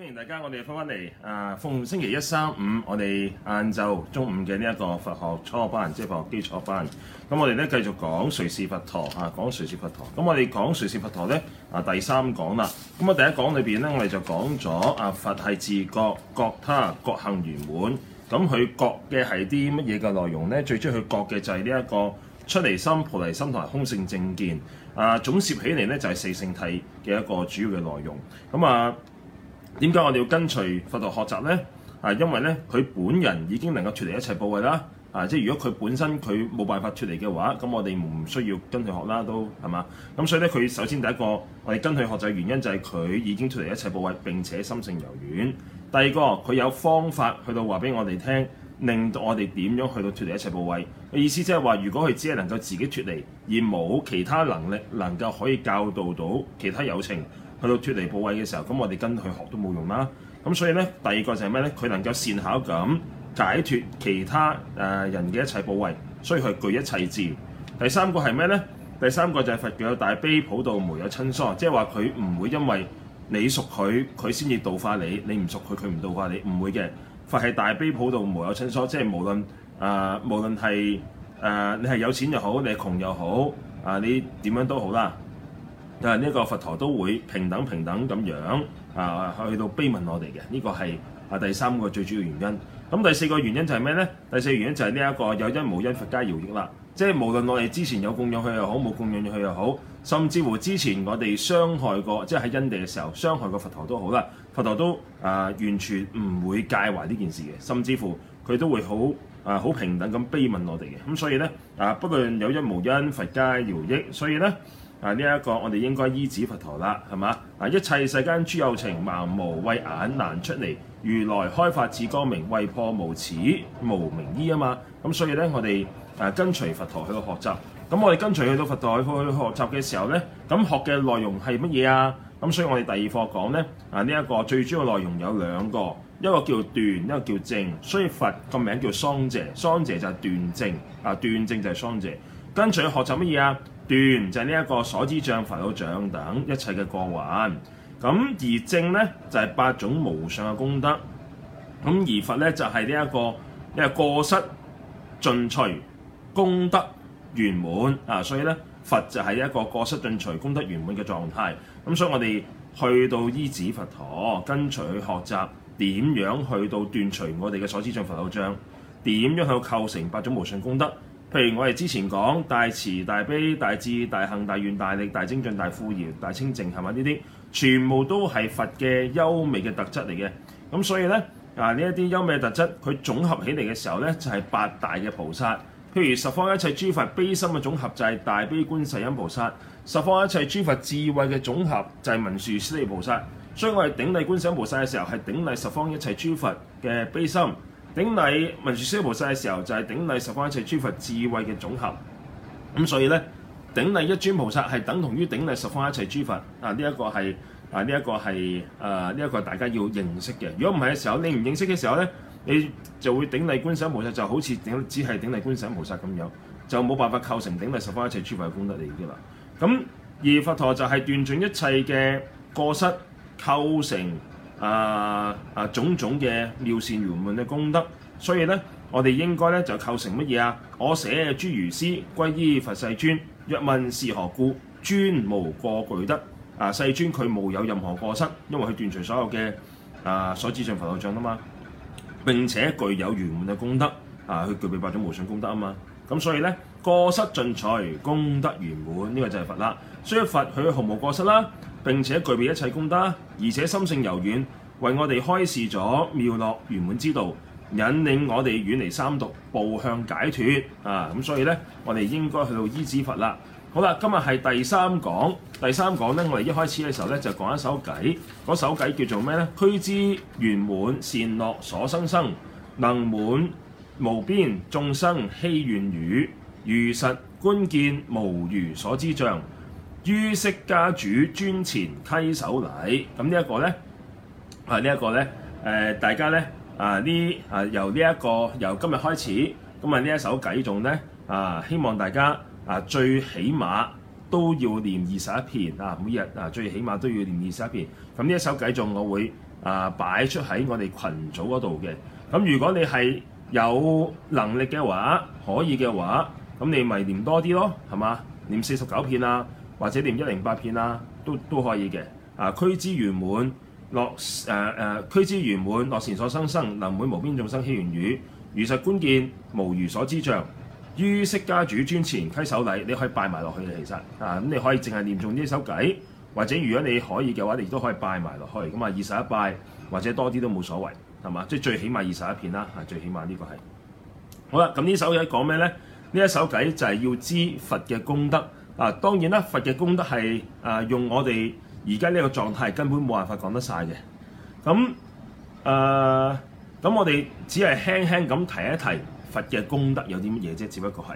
歡迎大家，我哋翻返嚟。誒、呃，逢星期一、三、五，我哋晏晝中午嘅呢一個佛學初班，即係佛學基礎班。咁我哋咧繼續講誰是佛陀啊？講誰是佛陀？咁我哋講誰是佛陀咧？啊，第三講啦。咁我第一講裏邊咧，我哋就講咗啊，佛係自覺、覺他、覺行圓滿。咁佢覺嘅係啲乜嘢嘅內容咧？最主要佢覺嘅就係呢一個出離心、菩提心同埋空性正見。啊，總攝起嚟咧就係、是、四聖諦嘅一個主要嘅內容。咁啊～啊點解我哋要跟隨佛陀學習呢？啊，因為咧，佢本人已經能夠脱離一切怖畏啦。啊，即係如果佢本身佢冇辦法脱離嘅話，咁我哋唔需要跟佢學啦，都係嘛？咁所以咧，佢首先第一個，我哋跟佢學習嘅原因就係佢已經脱離一切怖畏，並且心性柔軟。第二個，佢有方法去到話俾我哋聽，令到我哋點樣去到脱離一切怖畏嘅意思，即係話如果佢只係能夠自己脱離，而冇其他能力能夠可以教導到其他有情。去到脱離怖畏位嘅時候，咁我哋跟佢學都冇用啦。咁所以咧，第二個就係咩咧？佢能夠善巧咁解脱其他誒、呃、人嘅一切怖畏，所以佢具一切智。第三個係咩咧？第三個就係佛具有大悲普度無有親疏，即係話佢唔會因為你熟佢，佢先至度化你；你唔熟佢，佢唔度化你，唔會嘅。佛係大悲普度無有親疏，即、就、係、是、無論誒、呃、無論係誒、呃、你係有錢又好，你係窮又好，啊、呃、你點樣都好啦。但係呢一個佛陀都會平等平等咁樣啊、呃，去到悲憫我哋嘅呢個係啊第三個最主要原因。咁第四個原因就係咩呢？第四個原因就係呢一個有因無因佛皆饒益啦。即係無論我哋之前有供養佢又好，冇供養佢又好，甚至乎之前我哋傷害過，即係喺因地嘅時候傷害過佛陀都好啦，佛陀都啊、呃、完全唔會介懷呢件事嘅，甚至乎佢都會好啊好平等咁悲憫我哋嘅。咁所以呢，啊、呃，不論有因無因佛皆饒益，所以呢。啊！呢、這、一個我哋應該依止佛陀啦，係嘛？嗱，一切世間諸有情，盲無畏眼難出嚟，如來開法智光明，為破無始無名依無明依啊嘛。咁、嗯、所以咧，我哋誒、啊、跟隨佛陀去到學習。咁、嗯、我哋跟隨去到佛陀去去學習嘅時候咧，咁、嗯、學嘅內容係乜嘢啊？咁、嗯、所以我哋第二課講咧，啊呢一、這個最主要內容有兩個，一個叫斷，一個叫證。所以佛個名叫桑傑，桑傑就係斷證啊，斷證就係桑傑。跟隨去學習乜嘢啊？斷就係呢一個所知障、煩惱障等一切嘅過患，咁而正呢，就係、是、八種無上嘅功德，咁而佛呢，就係呢一個因為過失盡除、功德圓滿啊，所以呢，佛就係一個過失盡除、功德圓滿嘅狀態。咁、啊、所以我哋去到依止佛陀，跟隨去學習點樣去到斷除我哋嘅所知障、煩惱障，點樣去到構成八種無上功德。譬如我哋之前講大慈大悲大智大幸、大願大力大精進大富饒大清淨係咪呢啲，全部都係佛嘅優美嘅特質嚟嘅。咁所以咧啊呢一啲優美嘅特質，佢總合起嚟嘅時候咧就係、是、八大嘅菩薩。譬如十方一切諸佛悲心嘅總合就係、是、大悲觀世音菩薩，十方一切諸佛智慧嘅總合就係文殊師利菩薩。所以我哋頂禮觀世音菩薩嘅時候係頂禮十方一切諸佛嘅悲心。頂禮文殊師利菩薩嘅時候就係、是、頂禮十方一切諸佛智慧嘅總合，咁所以咧頂禮一尊菩薩係等同於頂禮十方一切諸佛啊呢一、這個係啊呢一、這個係啊呢一、這個大家要認識嘅，如果唔係嘅時候，你唔認識嘅時候咧，你就會頂禮觀世音菩薩就好似頂只係頂禮觀世音菩薩咁樣，就冇辦法構成頂禮十方一切諸佛嘅功德嚟嘅啦。咁而佛陀就係斷盡一切嘅過失構成。啊啊！種種嘅妙善圓滿嘅功德，所以咧，我哋應該咧就構成乜嘢啊？我捨諸如師歸依佛世尊，若問是何故？尊無過具德啊！世尊佢冇有任何過失，因為佢斷除所有嘅啊所知障、煩惱障啊嘛，並且具有圓滿嘅功德啊，佢具備八種無上功德啊嘛。咁所以咧，過失盡除，功德圓滿，呢、這個就係佛啦。所以佛佢毫無過失啦。並且具備一切功德，而且心性柔軟，為我哋開示咗妙樂圓滿之道，引領我哋遠離三毒，步向解脫啊！咁所以呢，我哋應該去到依止佛啦。好啦，今日係第三講，第三講呢，我哋一開始嘅時候呢，就講一首偈，嗰首偈叫做咩咧？俱胝圓滿妙善所生身，成滿無邊眾生希願語，如實觀見無餘所知意。」於釋迦主尊前稽首禮，咁呢一個咧啊，這個、呢一個咧誒，大家咧啊，呢啊由呢、這、一個、啊、由今日開始，咁啊呢一首偈頌咧啊，希望大家啊最起碼都要念二十一遍。啊，每日啊最起碼都要念二十一遍。咁呢一首偈頌，我會啊擺出喺我哋群組嗰度嘅。咁如果你係有能力嘅話，可以嘅話，咁你咪念多啲咯，係嘛？念四十九遍啊！或者念一零八片啦，都都可以嘅。啊，俱胝圓滿妙誒誒，俱胝圓滿妙善所生身，成滿無邊眾生希願語，如實觀見無餘所知意，於釋迦主尊前稽首禮，你可以拜埋落去嘅，其實啊，咁你可以淨係念中呢一首偈，或者如果你可以嘅話，你都可以拜埋落去。咁啊，二十一拜或者多啲都冇所謂，係嘛？即係最起碼二十一片啦，啊，最起碼呢個係好啦。咁呢首偈講咩咧？呢一首偈就係要知佛嘅功德。啊，當然啦，佛嘅功德係啊、呃，用我哋而家呢個狀態根本冇辦法講得晒嘅。咁、嗯、啊，咁、呃、我哋只係輕輕咁提一提佛嘅功德有啲乜嘢啫，只不過係咁、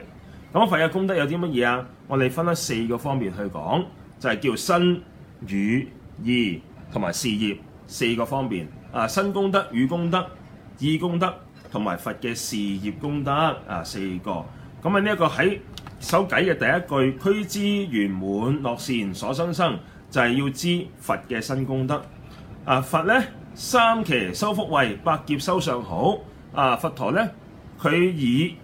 嗯。佛嘅功德有啲乜嘢啊？我哋分咗四個方面去講，就係叫身、語、意同埋事業四個方面。啊，身功德、語功德、意功德同埋佛嘅事業功德啊，四個。咁、嗯、啊，呢、這、一個喺首偈嘅第一句，俱胝圓滿妙善所生身，就係、是、要知佛嘅身功德。啊，佛咧，三祇修福慧，百劫修相好。啊，佛陀咧，佢以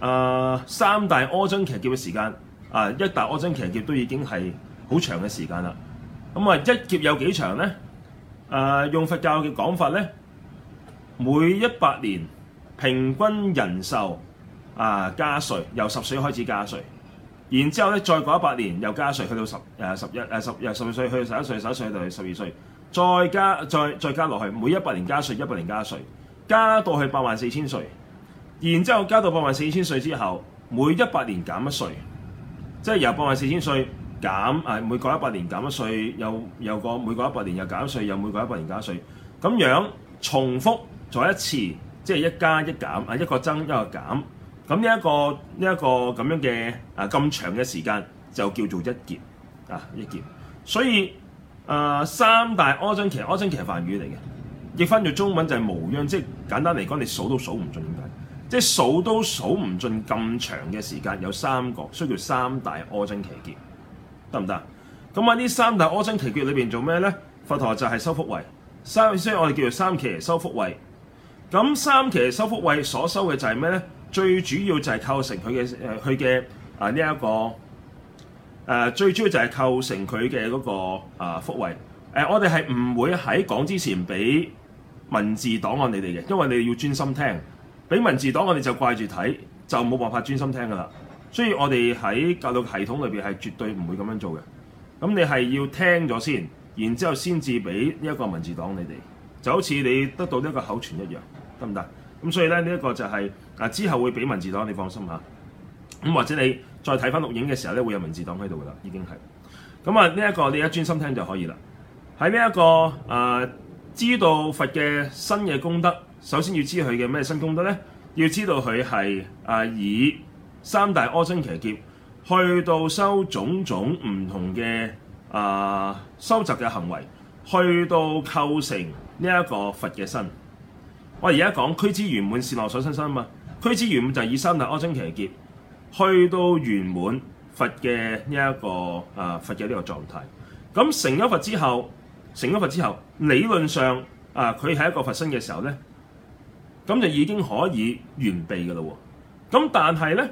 啊三大阿僧祇劫嘅時間，啊，一大阿僧祇劫都已經係好長嘅時間啦。咁啊，一劫有幾長咧？啊，用佛教嘅講法咧，每一百年平均人壽。啊！加歲由十歲開始加歲，然之後咧再過一百年，又加歲去到十誒十一誒十誒十二歲，去，歲，歲去到十一歲，十一歲到十二歲，再加再再加落去，每一百年加歲，一百年加一歲，加到去八萬四千歲。然之後加到八萬四千歲之後，每一百年減一歲，即係由八萬四千歲減誒，每過一百年減一歲，又又個每過一百年又減一歲，又每過一百年減一歲，咁樣重複再一次，即係一加一減啊，一個增，一個，增一個減。咁呢一個呢一、這個咁樣嘅啊咁長嘅時間就叫做一劫啊，一劫，所以啊、呃、三大阿僧祇，阿僧祇係梵語嚟嘅，譯翻做中文就係無央，即係簡單嚟講，你數都數唔盡。點解？即係數都數唔盡咁長嘅時間有三個，所以叫三大阿僧祇劫，得唔得？咁喺呢三大阿僧祇劫裏邊做咩咧？佛陀就係修福慧。三即係我哋叫做三祇修福慧。咁三祇修福慧所修嘅就係咩咧？最主要就係構成佢嘅誒，佢嘅啊呢一、這個誒、啊，最主要就係構成佢嘅嗰個啊福慧。誒、啊。我哋係唔會喺講之前俾文字檔案你哋嘅，因為你要專心聽。俾文字檔案你就掛住睇，就冇辦法專心聽噶啦。所以我哋喺教育系統裏邊係絕對唔會咁樣做嘅。咁你係要聽咗先，然之後先至俾一個文字檔你哋，就好似你得到一個口傳一樣，得唔得？咁所以咧呢一、這個就係、是、啊之後會俾文字檔，你放心嚇。咁、啊、或者你再睇翻錄影嘅時候咧，會有文字檔喺度噶啦，已經係。咁啊呢一、這個你一專心聽就可以啦。喺呢一個啊、呃、知道佛嘅身嘅功德，首先要知佢嘅咩身功德咧，要知道佢係啊以三大阿僧祇劫去到修種種唔同嘅啊、呃、收集嘅行為，去到構成呢一個佛嘅身。我而家講，俱胝圓滿妙善所生身啊嘛。俱胝圓滿就係以三大阿僧祇劫，去到圓滿佛嘅呢一個啊佛嘅呢個狀態。咁成咗佛之後，成咗佛之後，理論上啊佢係一個佛身嘅時候咧，咁就已經可以完備噶啦。咁但係咧，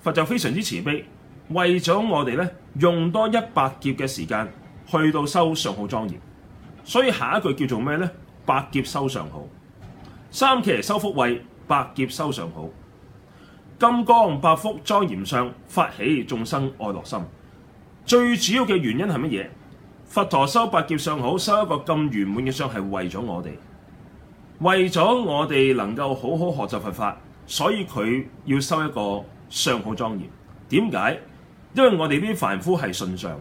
佛就非常之慈悲，為咗我哋咧用多一百劫嘅時間去到修相好莊嚴。所以下一句叫做咩咧？百劫修相好。三祇修福慧，百劫修相好。金剛百福莊嚴相，發起眾生愛樂心。最主要嘅原因係乜嘢？佛陀修百劫相好，修一個咁圓滿嘅相，係為咗我哋，為咗我哋能夠好好學習佛法。所以佢要修一個相好莊嚴。點解？因為我哋啲凡夫係信相，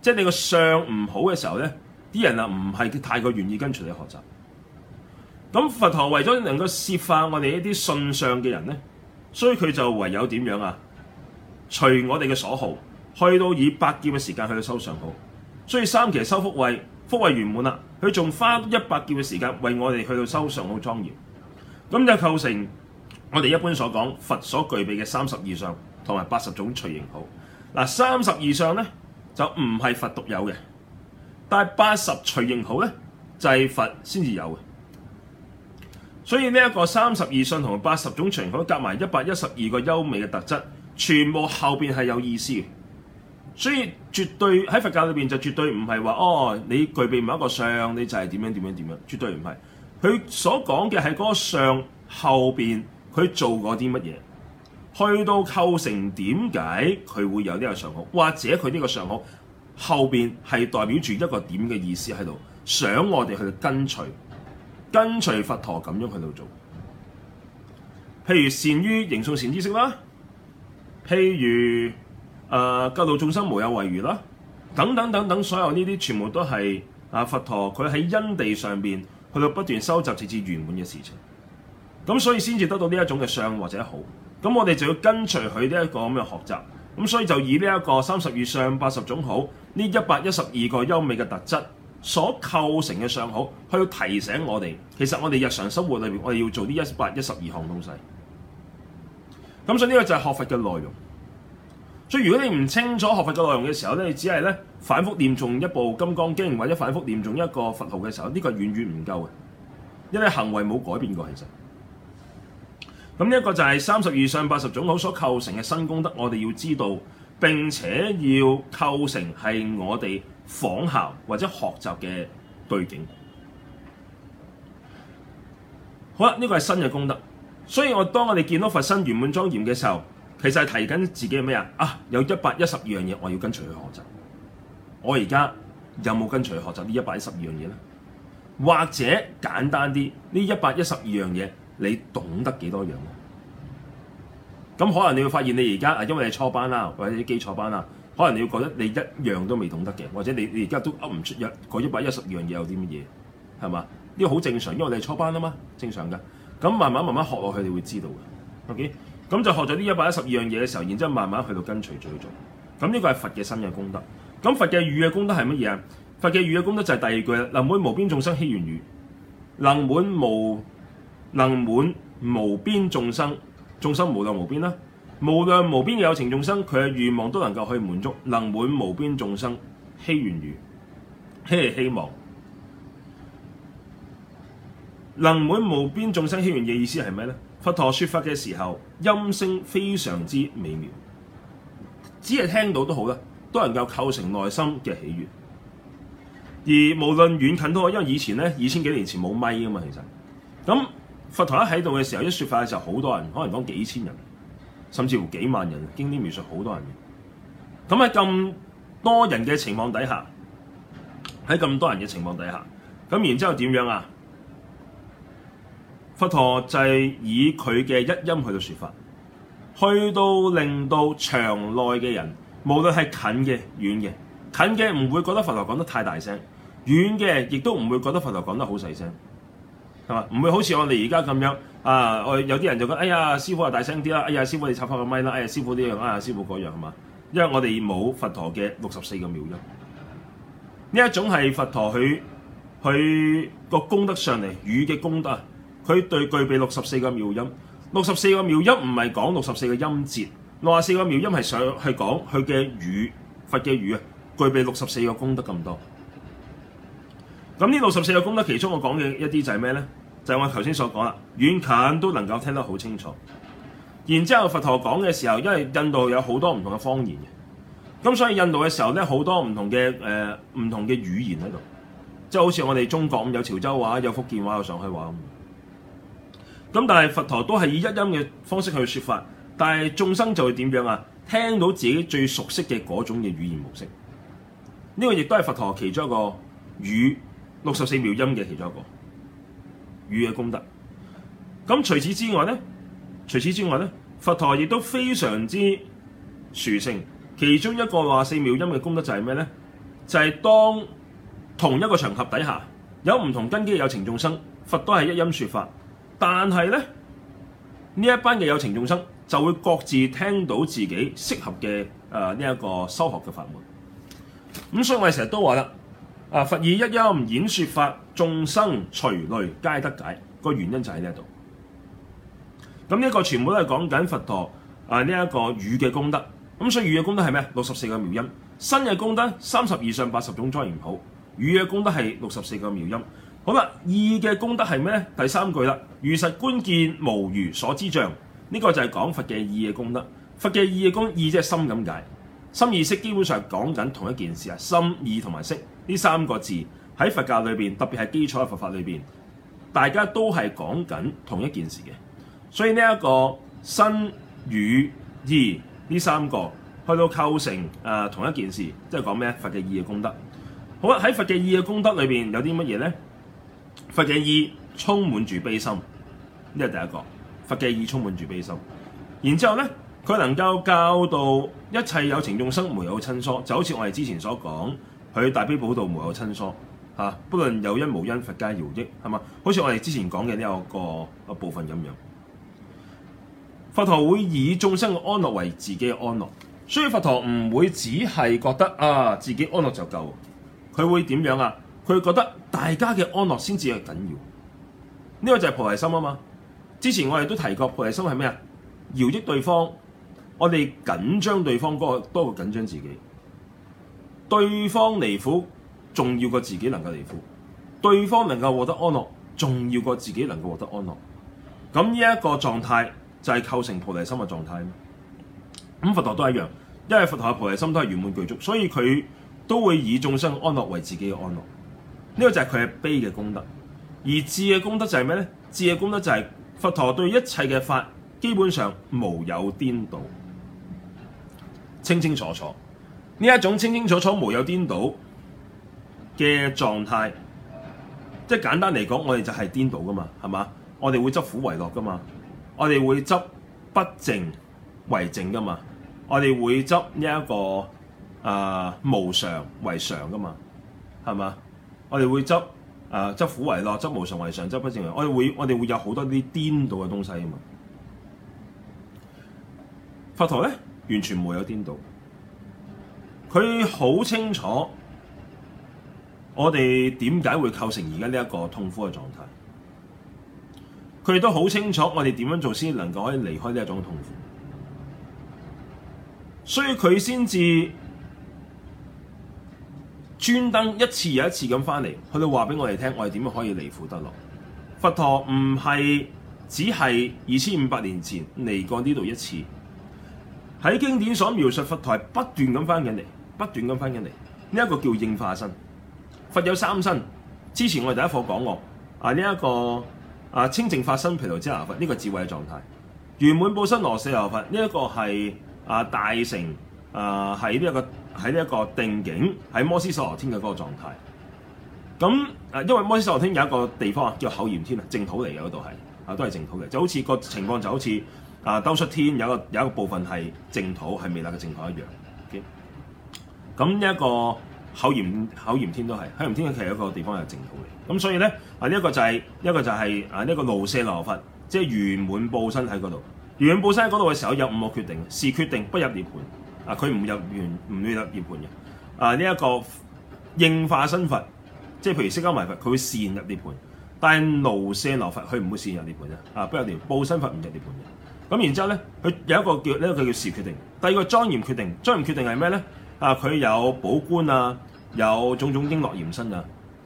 即係你個相唔好嘅時候咧，啲人啊唔係太過願意跟隨你學習。咁佛陀為咗能夠攝化我哋一啲信相嘅人咧，所以佢就唯有點樣啊？隨我哋嘅所好，去到以百劫嘅時間去到修相好，所以三祇修福慧，福慧圓滿啦。佢仲花一百劫嘅時間為我哋去到修相好莊嚴，咁就構成我哋一般所講佛所具備嘅三十二相同埋八十種隨形好嗱。三十二相咧就唔係佛獨有嘅，但係八十隨形好咧就係、是、佛先至有嘅。所以呢一個三十二相同八十種相好夾埋一百一十二個優美嘅特質，全部後邊係有意思。所以絕對喺佛教裏邊就絕對唔係話哦，你具備某一個相你就係點樣點樣點樣，絕對唔係。佢所講嘅係嗰個相後邊佢做過啲乜嘢，去到構成點解佢會有呢個相好，或者佢呢個相好後邊係代表住一個點嘅意思喺度，想我哋去跟隨。跟隨佛陀咁樣去到做，譬如善於營造善知識啦，譬如誒、呃、救度眾生無有遺餘啦，等等等等，所有呢啲全部都係啊佛陀佢喺因地上邊去到不斷收集直至圓滿嘅事情，咁所以先至得到呢一種嘅相或者好，咁我哋就要跟隨佢呢一個咁嘅學習，咁所以就以呢一個三十二相八十種好呢一百一十二個優美嘅特質。所構成嘅相好，去到提醒我哋，其實我哋日常生活裏邊，我哋要做啲一百一十二項東西。咁所以呢個就係學佛嘅內容。所以如果你唔清楚學佛嘅內容嘅時候咧，你只係咧反覆念誦一部《金剛經》，或者反覆念誦一個佛號嘅時候，呢、這個遠遠唔夠嘅，因為行為冇改變過，其實。咁呢一個就係三十二相八十種好所構成嘅身功德，我哋要知道並且要構成係我哋。仿效或者學習嘅對境，好啦，呢個係身嘅功德。所以我當我哋見到佛身圓滿莊嚴嘅時候，其實係提緊自己係咩啊？啊，有一百一十二樣嘢我要跟隨去學習。我而家有冇跟隨去學習呢一百一十二樣嘢咧？或者簡單啲，呢一百一十二樣嘢你懂得幾多樣咧？咁可能你會發現你而家啊，因為你初班啦，或者啲基礎班啦。可能你會覺得你一樣都未懂得嘅，或者你你而家都噏唔出一個一百一十二樣嘢有啲乜嘢，係嘛？呢、這個好正常，因為你係初班啊嘛，正常噶。咁慢慢慢慢學落去，你會知道嘅。O K. 咁就學咗呢一百一十二樣嘢嘅時候，然之後慢慢去到跟隨著去做。咁呢個係佛嘅身嘅功德。咁佛嘅語嘅功德係乜嘢啊？佛嘅語嘅功德就係第二句能滿無邊眾生希願語，能滿無能滿無邊眾生，眾生無量無邊啦、啊。無量無邊嘅有情眾生，佢嘅願望都能夠去滿足，能滿無邊眾生希願語，希係希望，能滿無邊眾生希願嘅意思係咩咧？佛陀說法嘅時候，音聲非常之美妙，只係聽到都好啦，都能夠構成內心嘅喜悦。而無論遠近都好，因為以前咧二千幾年前冇咪啊嘛，其實咁佛陀一喺度嘅時候，一說法嘅時候，好多人可能講幾千人。甚至乎幾萬人，經典描述好多人。咁喺咁多人嘅情況底下，喺咁多人嘅情況底下，咁然之後點樣啊？佛陀就係以佢嘅一音去到説法，去到令到場內嘅人，無論係近嘅、遠嘅，近嘅唔會覺得佛陀講得太大聲，遠嘅亦都唔會覺得佛陀講得好細聲。係嘛？唔會好似我哋而家咁樣啊！我有啲人就覺得：哎呀，師傅啊，大聲啲啦！哎呀，師傅你插翻個咪啦！哎呀，師傅呢樣啊、哎，師傅嗰樣係嘛？因為我哋冇佛陀嘅六十四個妙音，呢一種係佛陀佢佢個，個，個，個，個功德上嚟語嘅功德，佢對具備六十四個妙音。六十四個妙音唔係講六十四個音節，六十四個妙音係上去講佢嘅語佛嘅語啊，具備六十四個功德咁多。咁呢六十四個功德其中我講嘅一啲就係咩咧？就係我頭先所講啦，遠近都能夠聽得好清楚。然之後佛陀講嘅時候，因為印度有好多唔同嘅方言嘅，咁所以印度嘅時候咧好多唔同嘅誒唔同嘅語言喺度，即係好似我哋中國有潮州話、有福建話、有上海話咁。咁但係佛陀都係以一音嘅方式去説法，但係眾生就會點樣啊？聽到自己最熟悉嘅嗰種嘅語言模式，呢個亦都係佛陀其中一個語六十四妙音嘅其中一個。語嘅功德。咁除此之外咧，除此之外咧，佛陀亦都非常之殊勝。其中一個話四妙音嘅功德就係咩咧？就係當同一個場合底下有唔同根基嘅有情眾生，佛都係一音説法，但係咧呢一班嘅有情眾生就會各自聽到自己適合嘅誒呢一個修學嘅法門。咁所以我哋成日都話啦。啊！佛以一音演說法，眾生隨類皆得解。個原因就喺呢一度。咁呢一個全部都係講緊佛陀啊呢一、這個語嘅功德。咁、嗯、所以語嘅功德係咩？六十四個妙音。身嘅功德三十二相八十種莊嚴好。語嘅功德係六十四個妙音。好啦，意嘅功德係咩？第三句啦，如實觀見無餘所知意。呢、這個就係講佛嘅意嘅功德。佛嘅意嘅功意即係心咁解。心意識基本上係講緊同一件事啊。心意同埋識。呢三個字喺佛教裏邊，特別係基礎嘅佛法裏邊，大家都係講緊同一件事嘅。所以呢、這、一個身與意身語意呢三個去到構成誒、呃、同一件事，即係講咩？佛嘅意嘅功德好啊！喺佛嘅意嘅功德裏邊有啲乜嘢咧？佛嘅意充滿住悲心，呢係第一個。佛嘅意充滿住悲心，然之後咧，佢能夠教導一切有情眾生沒有親疏，就好似我哋之前所講。佢大悲普度無有親疏嚇、啊，不論有因無因佛家饒益係嘛，好似我哋之前講嘅呢有個、這個這個部分咁樣。佛陀會以眾生嘅安樂為自己嘅安樂，所以佛陀唔會只係覺得啊自己安樂就夠，佢會點樣啊？佢會覺得大家嘅安樂先至係緊要，呢、這個就係菩提心啊嘛。之前我哋都提過菩提心係咩啊？饒益對方，我哋緊張對方多、那、過、個、多過緊張自己。對方離苦，重要過自己能夠離苦；對方能夠獲得安樂，重要過自己能夠獲得安樂。咁呢一個狀態就係構成菩提心嘅狀態。咁佛陀都一樣，因為佛陀嘅菩提心都係圓滿具足，所以佢都會以眾生安樂為自己嘅安樂。呢、這個就係佢嘅悲嘅功德。而智嘅功德就係咩咧？智嘅功德就係、是、佛陀對一切嘅法，基本上無有顛倒，清清楚楚。呢一種清清楚楚無有顛倒嘅狀態，即係簡單嚟講，我哋就係顛倒噶嘛，係嘛？我哋會執苦為樂噶嘛，我哋會執不正為正噶嘛，我哋會執呢一個誒、呃、無常為常噶嘛，係嘛？我哋會執誒執苦為樂、執無常為常、執不正為，我哋會我哋會有好多啲顛倒嘅東西啊嘛。佛陀咧，完全無有顛倒。佢好清楚我哋點解會構成而家呢一個痛苦嘅狀態，佢都好清楚我哋點樣做先能夠可以離開呢一種痛苦，所以佢先至專登一次又一次咁翻嚟，去到話俾我哋聽，我哋點樣可以離苦得樂。佛陀唔係只係二千五百年前嚟過呢度一次，喺經典所描述佛，佛陀不斷咁翻緊嚟。不斷咁翻緊嚟，呢、這、一個叫應化身。佛有三身，之前我哋第一課講過，啊呢一、這個啊清淨法身毗盧遮那佛，呢、這個智慧嘅狀態；圓滿報身盧舍那佛，呢、這、一個係啊大成啊喺呢一個喺呢一個定境，喺摩醯首羅天嘅嗰個狀態。咁、嗯、誒、啊，因為摩醯首羅天有一個地方啊，叫口焰天正啊，淨土嚟嘅嗰度係啊都係淨土嘅，就好似、這個情況就好似啊兜率天有一個有一個部分係淨土，係彌勒嘅淨土一樣。咁呢一個口炎口炎天都係口炎天，其實一個地方係淨土嚟。咁所以咧啊，呢一個就係一個就係啊，呢一個盧舍那佛，即係圓滿報身喺嗰度。圓滿報身喺嗰度嘅時候有五個決定，事決定，不入涅盤啊，佢唔入圓唔會入涅盤嘅啊。呢一個應化身佛，即係譬如釋迦牟尼佛，佢會善入涅盤，但係盧舍那佛佢唔會善入涅盤嘅。啊，不入涅盤，報身佛唔入涅盤嘅。咁然之後咧，佢有一個叫呢個叫事決定，第二個莊嚴決定，莊嚴決定係咩咧？啊！佢有寶冠啊，有種種瓔珞嚴身啊，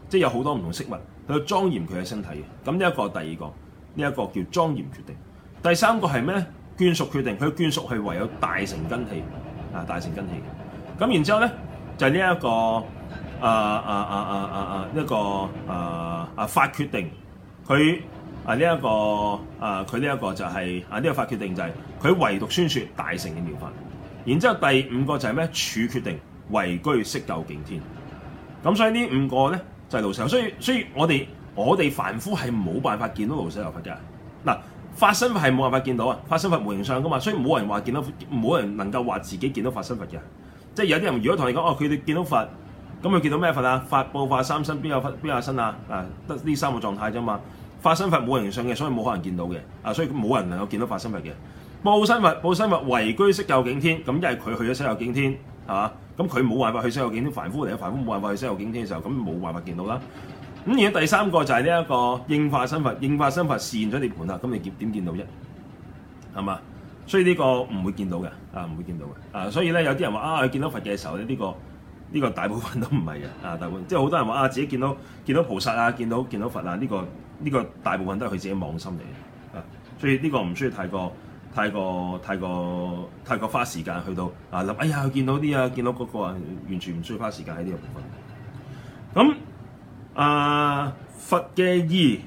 即係有好多唔同飾物去莊嚴佢嘅身體嘅。咁呢一個，第二個，呢、這、一個叫莊嚴決定。第三個係咩？眷屬決定。佢嘅眷屬係唯有大乘根器啊，大乘根器。咁、啊、然之後咧，就係呢一個啊啊啊啊啊啊一、這個啊啊法決定。佢啊呢一、這個啊佢呢一個就係、是、啊呢、這個法決定就係、是、佢唯獨宣説大乘嘅妙法。然之後第五個就係咩？處決定位居色究竟天。咁所以呢五個咧就係、是、盧舍。所以所以我哋我哋凡夫係冇辦法見到盧舍那佛嘅。嗱，法身佛係冇辦法見到啊！法身佛無形相噶嘛，所以冇人話見到，冇人能夠話自己見到法身佛嘅。即係有啲人如果同你講哦，佢、啊、哋見到佛，咁佢見到咩佛啊？法報、化三身邊有邊有身啊？啊，得呢三個狀態啫嘛。法身佛冇形相嘅，所以冇可能見到嘅。啊，所以冇人能夠見到，能到法身佛嘅。報身佛，報身佛，位居色究竟天。咁一係佢去咗色究竟天，係、啊、嘛？咁佢冇辦法去色究竟天。凡夫嚟凡夫冇辦法去色究竟天嘅時候，咁冇辦法見到啦。咁而家第三個就係呢一個應化身佛，應化身佛示現咗涅盤啦。咁你見點見到啫？係嘛？所以呢個唔會見到嘅，啊，唔會見到嘅。啊，所以咧有啲人話啊，見到佛嘅時候咧，呢、這個呢、這個大部分都唔係嘅，啊，大部分即係好多人話啊，自己見到見到菩薩啊，見到見到佛啊，呢、這個呢、這個大部分都係佢自己妄心嚟嘅。啊，所以呢個唔需要太過。太過太過太過花時間去到啊諗哎呀見到啲啊見到嗰個啊完全唔需要花時間喺呢個部分。咁、嗯、啊佛嘅意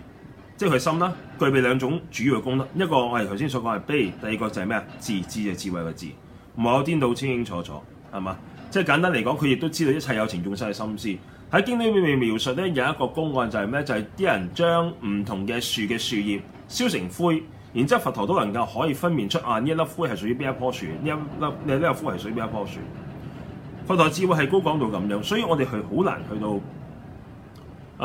即係佢心啦，具備兩種主要嘅功德。一個我哋頭先所講係悲，第二個就係咩啊？智就智慧嘅智，唔好顛倒清清楚楚，係嘛？即係簡單嚟講，佢亦都知道一切有情眾生嘅心思喺經典裏面描述咧，有一個公案就係咩？就係、是、啲人將唔同嘅樹嘅樹葉燒成灰。然之後，佛陀都能夠可以分辨出啊，呢一粒灰係屬於邊一棵樹，呢一粒呢一粒灰係屬於邊一棵樹。佛陀智慧係高廣到咁樣，所以我哋去好難去到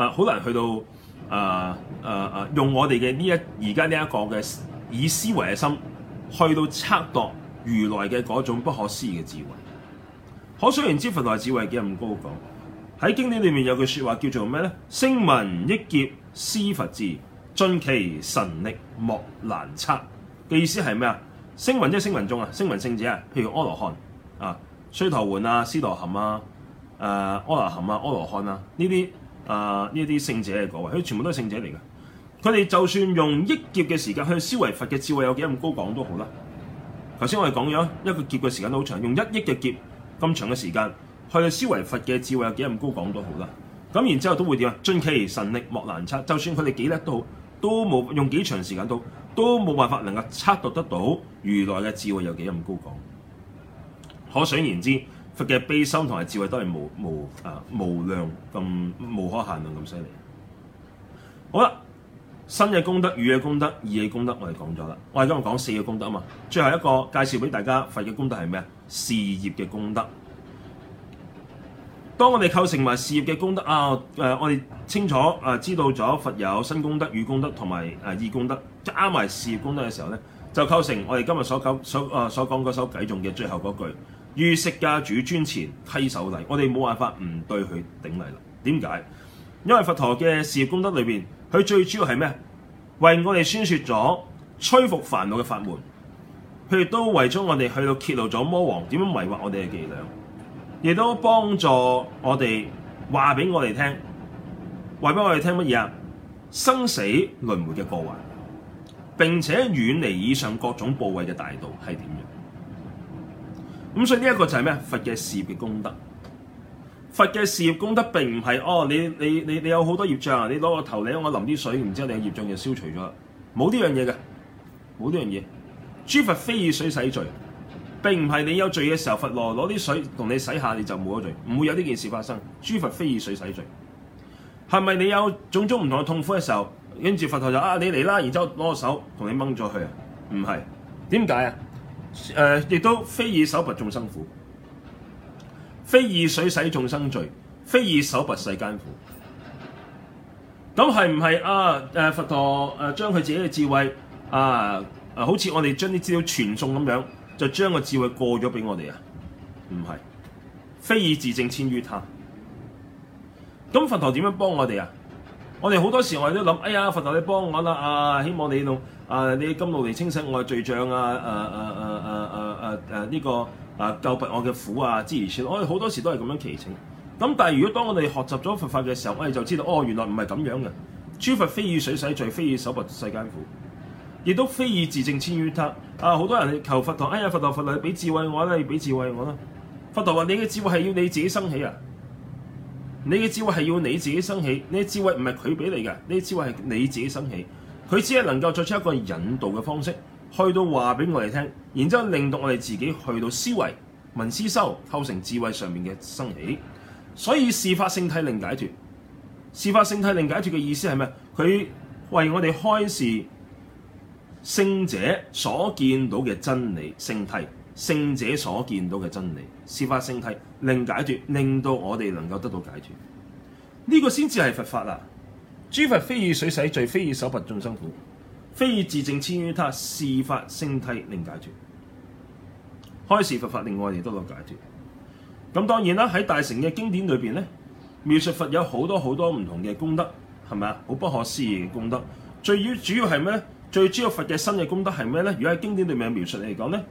啊，好難去到啊啊啊！用我哋嘅呢一而家呢一個嘅以思維嘅心去到測度如來嘅嗰種不可思議嘅智慧。可想然知佛陀智慧幾咁高廣，喺經典裏面有句說話叫做咩咧？聲聞，億劫思佛智。盡其神力莫難測嘅意思係咩啊？聲聞即係聲聞中啊，聲聞聖者啊，譬如阿羅漢啊、須陀洹啊、斯陀含啊、誒阿那含啊、阿羅漢,阿羅漢啊呢啲誒呢啲聖者嘅各位，佢全部都係聖者嚟嘅。佢哋就算用億劫嘅時間去思維佛嘅智慧有幾咁高廣都好啦。頭先我哋講咗一個劫嘅時間都好長，用一億嘅劫咁長嘅時間去思維佛嘅智慧有幾咁高廣都好啦。咁然後之後都會點啊？盡其神力莫難測，就算佢哋幾叻都好。都冇用，幾長時間都都冇辦法能夠測度得到如來嘅智慧有幾咁高廣。可想而知，佛嘅悲心同埋智慧都係無無啊無量咁，無可限量咁犀利。好啦，身嘅功德、語嘅功德、意嘅功德我哋講咗啦。我哋今日講四個功德啊嘛。最後一個介紹俾大家，佛嘅功德係咩啊？事業嘅功德。當我哋構成埋事業嘅功德啊，誒、呃，我哋清楚啊，知道咗佛有身功德語功德同埋誒意功德，加埋事業功德嘅時候咧，就構成我哋今日所講所啊、呃、所講嗰首偈中嘅最後句：於釋迦主尊前稽首禮。我哋冇辦法唔對佢頂禮啦。點解？因為佛陀嘅事業功德裏邊，佢最主要係咩？為我哋宣説咗摧伏煩惱嘅法門，佢亦都為咗我哋去到揭露咗魔王點樣迷惑我哋嘅伎倆。亦都幫助我哋話俾我哋聽，話俾我哋聽乜嘢啊？生死輪迴嘅過患，並且遠離以上各種怖畏位嘅大道係點樣？咁所以呢一個就係咩？佛嘅事業功德，佛嘅事業功德並唔係哦，你你你你有好多業障啊！你攞個頭嚟我淋啲水，然之後你嘅業障就消除咗喇，冇呢樣嘢嘅，冇呢樣嘢。諸佛非以水洗罪。並唔係你有罪嘅時候，佛陀攞啲水同你洗下，你就冇咗罪，唔會有呢件事發生。諸佛非以水洗罪，係咪你有種種唔同嘅痛苦嘅時候，跟住佛陀就啊你嚟啦，然之後攞手同你掹咗佢。啊？唔係，點解啊？誒、呃，亦都非以手拔眾生苦，非以水洗眾生罪，非以手拔世間苦。咁係唔係啊？誒、啊，佛陀誒將佢自己嘅智慧啊，啊，好似我哋將啲資料傳送咁樣。就將個智慧過咗俾我哋啊？唔係，非以自證遷於他。咁佛陀點樣幫我哋啊？我哋好多時我哋都諗，哎呀，佛陀你幫我啦！啊，希望你用啊，你甘露嚟清洗我嘅罪障啊！誒誒誒誒誒誒誒呢個啊救拔我嘅苦啊！之類諸，我哋好多時都係咁樣祈請。咁但係如果當我哋學習咗佛法嘅時候，我哋就知道，哦，原來唔係咁樣嘅。諸佛非以水洗罪，非以手拔世間苦。亦都非以自證遷於他。啊！好多人求佛陀，哎呀，佛陀，佛嚟俾智慧我啦，嚟俾智慧我啦。佛陀話：你嘅智慧係要你自己生起啊！你嘅智慧係要你自己生起，你嘅智慧唔係佢俾你嘅，呢啲智慧係你自己生起。佢只係能夠作出一個引導嘅方式，去到話俾我哋聽，然之後令到我哋自己去到思維、聞思修、修構成智慧上面嘅生起。所以示法性諦令解脫，示法性諦令解脫嘅意思係咩？佢為我哋開示。聖者所見到嘅真理，聖諦；聖者所見到嘅真理，示法聖諦，令解脫，令到我哋能夠得到解脫。呢、這個先至係佛法啊！諸佛非以水洗罪，非以手拔眾生苦，非以自證遷於他，示法聖諦，令解脫，開示佛法，令我哋得到解脫。咁當然啦，喺大乘嘅經典裏邊咧，描述佛有好多好多唔同嘅功德，係咪啊？好不可思議嘅功德，最要主要係咩？最主要佛嘅身嘅功德係咩咧？如果喺經典裏面嘅描述嚟講咧，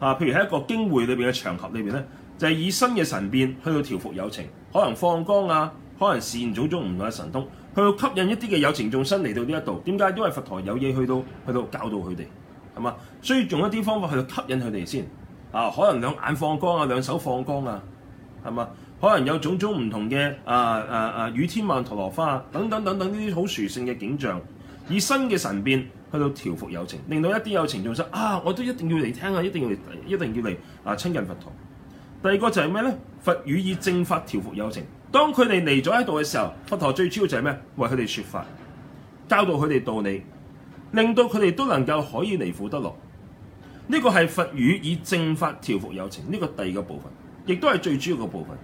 啊，譬如喺一個經會裏邊嘅場合裏邊咧，就係、是、以身嘅神變去到調伏有情，可能放光啊，可能示現種種唔同嘅神通，去到吸引一啲嘅有情眾生嚟到呢一度。點解？因為佛陀有嘢去到去到教導佢哋，係嘛？所以用一啲方法去到吸引佢哋先，啊，可能兩眼放光啊，兩手放光啊，係嘛？可能有種種唔同嘅啊啊啊，啊，啊雨天曼陀羅花啊，等等等等呢啲好殊勝嘅景象，以身嘅神變。去到調伏有情，令到一啲有情眾生啊，我都一定要嚟聽啊，一定要嚟，一定要嚟啊，親近佛陀。第二個就係咩咧？佛語以正法調伏有情。當佢哋嚟咗喺度嘅時候，佛陀最主要就係咩？為佢哋説法，教導佢哋道理，令到佢哋都能夠可以嚟負得落。呢個係佛語以正法調伏有情呢個第二個部分，亦都係最主要嘅部分。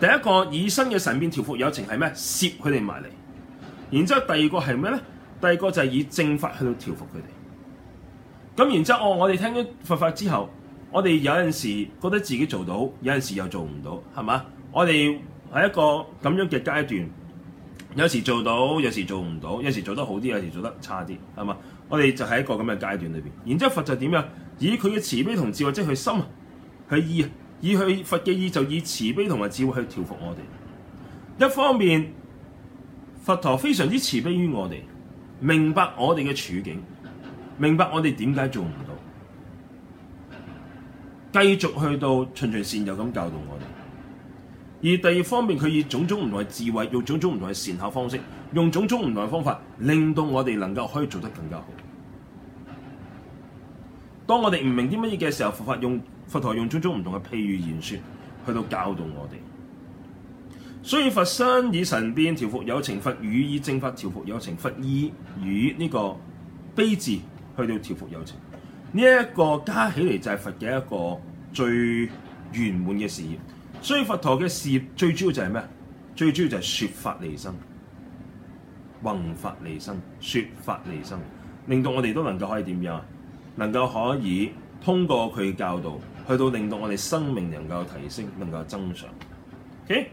第一個以身嘅神變調伏有情係咩？攝佢哋埋嚟。然之後第二個係咩咧？第二個就係以正法去調伏佢哋。咁然之後，我我哋聽咗佛法之後，我哋有陣時覺得自己做到，有陣時又做唔到，係嘛？我哋喺一個咁樣嘅階段，有時做到，有時做唔到，有時做得好啲，有時做得差啲，係嘛？我哋就喺一個咁嘅階段裏邊。然之後，佛就點樣以佢嘅慈悲同智慧，即係佢心、佢意，以佢佛嘅意，就以慈悲同埋智慧去調伏我哋。一方面，佛陀非常之慈悲於我哋。明白我哋嘅處境，明白我哋點解做唔到，繼續去到循循善誘咁教導我哋。而第二方面，佢以種種唔同嘅智慧，用種種唔同嘅善巧方式，用種種唔同嘅方法，令到我哋能夠可以做得更加好。當我哋唔明啲乜嘢嘅時候，佛法用，佛陀用種種唔同嘅譬喻言說，去到教導我哋。所以佛身以神變調伏有情，佛語以正法調伏有情，佛意以呢個悲智去到調伏有情，呢、這、一個加起嚟，就係佛嘅一個最圓滿嘅事業。所以佛陀嘅事業最主要就係咩？最主要就係說法利生，弘法利生，說法利生，令到我哋都能夠可以點樣啊？能夠可以通過佢教導，去到令到我哋生命能夠提升，能夠增長。ok。